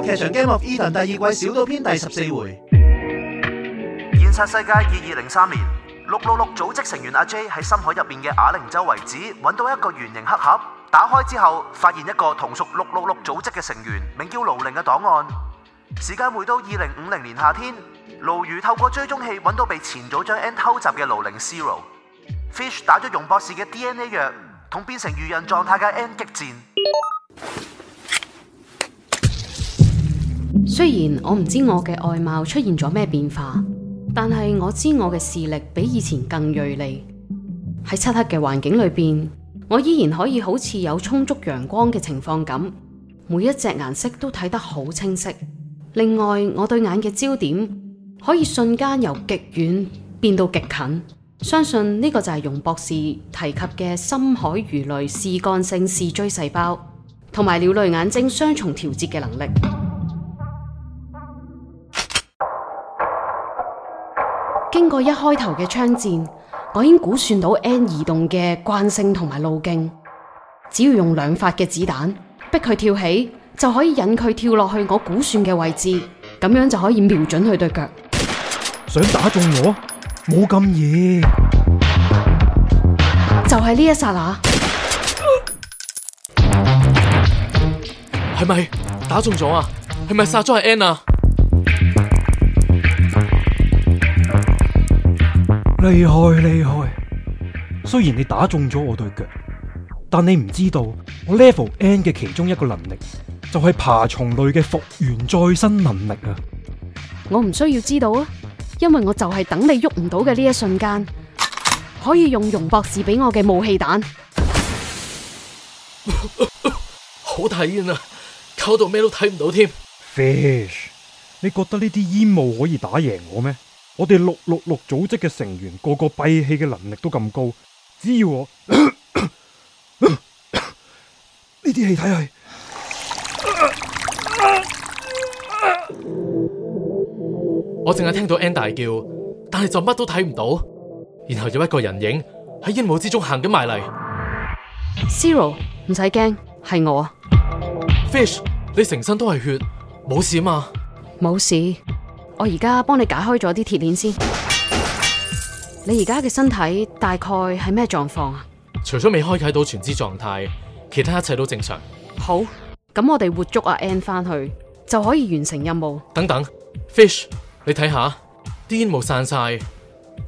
《劇場 Game of Eden》第二季小島篇第十四回。現實世界二二零三年，六六六組織成員阿 J 喺深海入面嘅啞鈴洲遺址揾到一個圓形黑盒，打開之後發現一個同屬六六六組織嘅成員，名叫盧零嘅檔案。時間回到二零五零年夏天，盧如透過追蹤器揾到被前組長 N 偷襲嘅盧零 Zero，Fish 打咗容博士嘅 DNA 藥，同變成魚人狀態嘅 N 激戰。雖然我唔知我嘅外貌出現咗咩變化，但係我知我嘅視力比以前更銳利。喺漆黑嘅環境裏邊，我依然可以好似有充足陽光嘅情況咁，每一隻顏色都睇得好清晰。另外，我對眼嘅焦點可以瞬間由極遠變到極近。相信呢個就係容博士提及嘅深海魚類視桿性視錐細胞同埋鳥類眼睛雙重調節嘅能力。經過一開頭嘅槍戰，我已經估算到 N 移動嘅慣性同埋路徑，只要用兩發嘅子彈逼佢跳起，就可以引佢跳落去我估算嘅位置，咁樣就可以瞄準佢對腳。想打中我？冇咁易！就係呢一剎那！啊！係咪打中咗啊？係咪殺咗阿 N 啊？厲害厲害，雖然你打中咗我對腳，但你唔知道我 Level N 嘅其中一個能力就係爬蟲類嘅復原再生能力啊！我唔需要知道啊，因為我就係等你喐唔到嘅呢一瞬間，可以用容博士俾我嘅霧氣彈。 好大煙啊，搞到咩都睇唔到添。Fish，你覺得呢啲煙霧可以打贏我咩？我哋六六六組織嘅成員個個閉氣嘅能力都咁高，只要我呢啲氣體係我淨係聽到 N 大叫，但係就乜都睇唔到，然後有一個人影喺煙霧之中行緊埋嚟。Zero 唔使驚，係我。Fish，你成身都係血，冇事啊嘛？冇事。我而家幫你解開咗啲鐵鏈先。你而家嘅身體大概係咩狀況啊？除咗未開啟到全知狀態，其他一切都正常。好，咁我哋活捉阿 N 返去就可以完成任務。等等，Fish，你睇下，啲煙霧散晒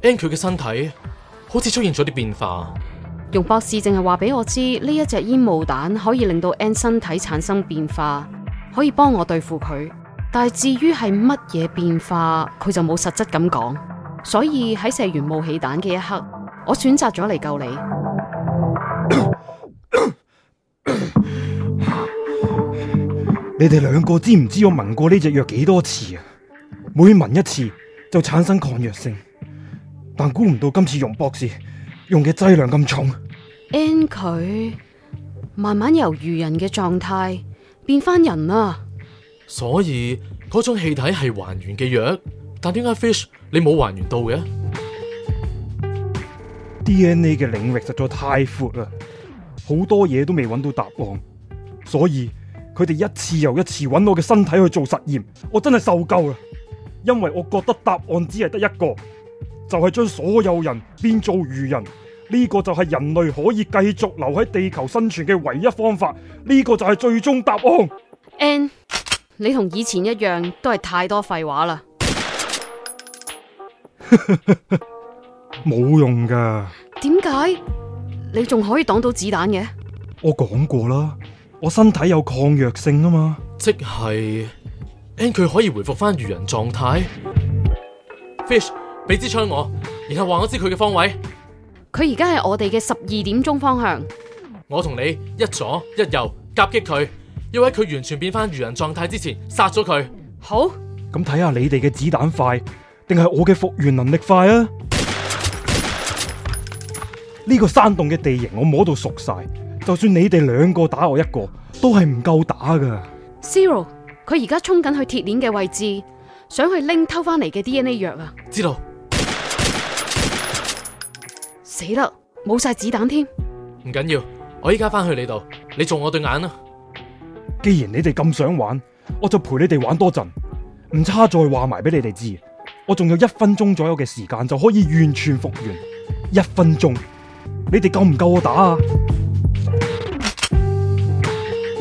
，N 佢嘅身體好似出現咗啲變化。容博士淨係話俾我知呢一隻煙霧彈可以令到 N 身體產生變化，可以幫我對付佢。但係至於係乜嘢變化，佢就冇實質咁講。所以喺射完霧氣彈嘅一刻，我選擇咗嚟救你。你哋兩個知唔知道我聞過呢隻藥幾多次啊？每聞一次就產生抗藥性，但估唔到今次容博士用嘅劑量咁重。N 佢慢慢由魚人嘅狀態變返人啊！所以嗰種氣體係還原嘅藥，但點解 Fish 你冇還原到嘅？DNA 嘅領域實在太闊啦，好多嘢都未揾到答案，所以佢哋一次又一次揾我嘅身體去做實驗，我真係受夠啦！因為我覺得答案只係得一個，就係、是、將所有人變做魚人，呢、這個就係人類可以繼續留喺地球生存嘅唯一方法，呢、這個就係最終答案。N 你同以前一樣，都係太多廢話啦。冇 用噶。點解你仲可以擋到子彈嘅？我講過啦，我身體有抗藥性啊嘛。即係 N 佢可以回復翻魚人狀態。Fish 俾支槍我，然後話我知佢嘅方位。佢而家係我哋嘅十二點鐘方向。我同你一左一右夾擊佢。要喺佢完全變翻魚人狀態之前殺咗佢。好，咁睇下你哋嘅子彈快，定係我嘅復原能力快啊？呢、 這個山洞嘅地形我摸到熟晒，就算你哋兩個打我一個都係唔夠打噶。Zero，佢而家衝緊去鐵鏈嘅位置，想去拎偷翻嚟嘅 DNA 藥啊！知道。死啦，冇 晒子彈添。唔緊要，我依家翻去你度，你做我對眼啊。既然你哋咁想玩，我就陪你哋玩多陣，唔差再話埋俾你哋知。我仲有一分鐘左右嘅時間就可以完全復原。一分鐘，你哋夠唔夠我打啊？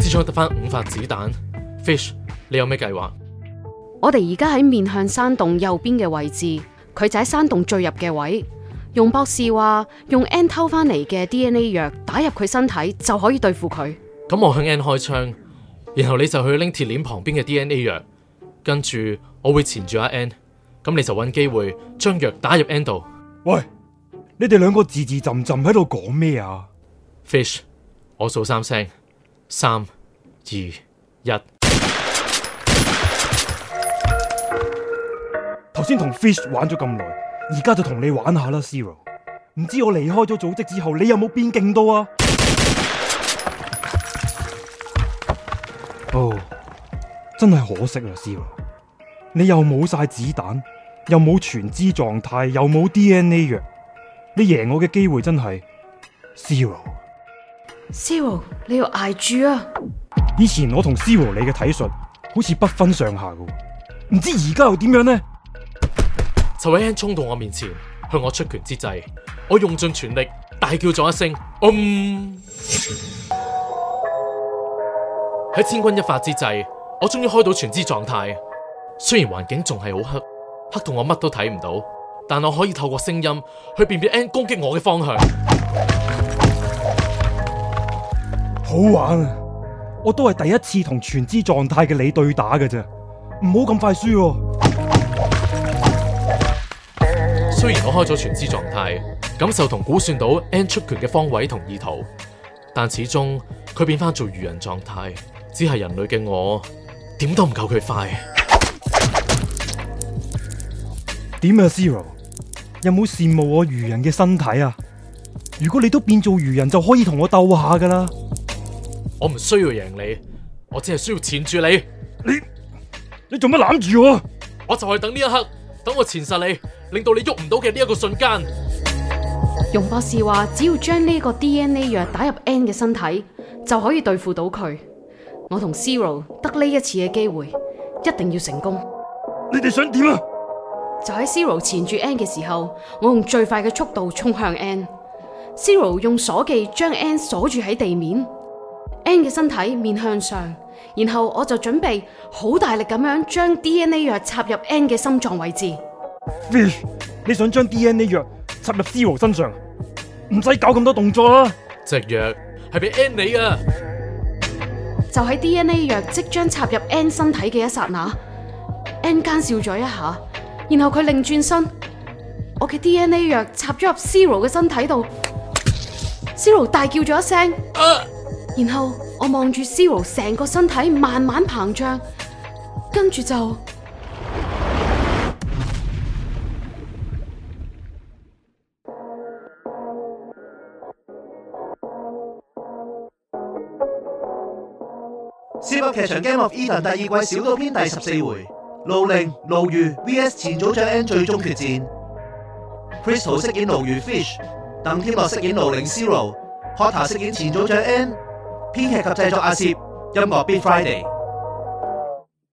支槍得翻五發子彈。Fish，你有咩計劃？我哋而家喺面向山洞右邊嘅位置，佢就喺山洞最入嘅位。容博士話用 N 偷翻嚟嘅 DNA 藥打入佢身體就可以對付佢。咁我向 N 開槍。然後你就去拎鐵鏈旁邊嘅 DNA 藥，跟住我會纏住阿 N，咁你就揾機會將藥打入 N 度。喂，你哋兩個吱吱朕朕喺度講咩啊？Fish，我數三聲，三、二、一。頭先同 Fish 玩咗咁耐，而家就同你玩下啦，Zero。唔知我離開咗組織之後，你有冇變勁到啊？哦、oh，真係可惜啊，Zero！你又冇晒子彈，又冇全知狀態，又冇 DNA 藥，你贏我嘅機會真係 Zero！Zero，你要捱住啊！以前我同 Zero 你嘅體術好似不分上下噶，唔知而家又點樣呢？就喺 N 衝到我面前，向我出拳之際，我用盡全力，大叫咗一聲：嗯 喺千鈞一髮之際，我終於開到全知狀態。雖然環境仲係好黑，黑到我乜都睇唔到，但我可以透過聲音去辨別 N 攻擊我嘅方向。好玩啊！我都係第一次同全知狀態嘅你對打嘅啫，唔好咁快輸啊。雖然我開咗全知狀態，感受同估算到 N 出拳嘅方位同意圖，但始終佢變返做魚人狀態。只係人類嘅我，點都唔夠佢快啊。點啊，Zero？有冇羨慕我魚人嘅身體啊？如果你都變做魚人，就可以同我鬥下噶啦。我唔需要贏你，我只係需要纏住你。你，你做乜攬住我？我就係等呢一刻，等我纏實你，令到你喐唔到嘅呢一個瞬間。容博士話，只要將呢個 DNA 藥打入 N 嘅身體，就可以對付到佢。我同 Zero 得呢一次嘅機會，一定要成功。你哋想點啊？就喺 Zero 纏住 N 嘅時候，我用最快嘅速度衝向 N。Zero 用鎖技將 N 鎖住喺地面，N 嘅身體面向上，然後我就準備好大力咁樣將 DNA 藥插入 N 嘅心臟位置。你想將 DNA 藥插入 Zero 身上？唔使搞咁多動作啦。隻藥係俾 N 你啊。就喺 DNA 藥即將插入 N 身體嘅一剎那，N 奸笑咗一下，然後佢擰轉身，我嘅 DNA 藥插咗入 Zero 嘅身體度，Zero 大叫咗一聲，然後我望住 Zero 成個身體慢慢膨脹，跟住就。Zip 噏劇場 Game of Eden 第二季小島篇第十四回，盧零盧如 vs 前組長 N 最終決戰，Crystal 飾演盧如 Fish，鄧天樂飾演盧零 Zero，Hotter 飾演前組長 N，編劇及製作阿攝，音樂 Beat Friday。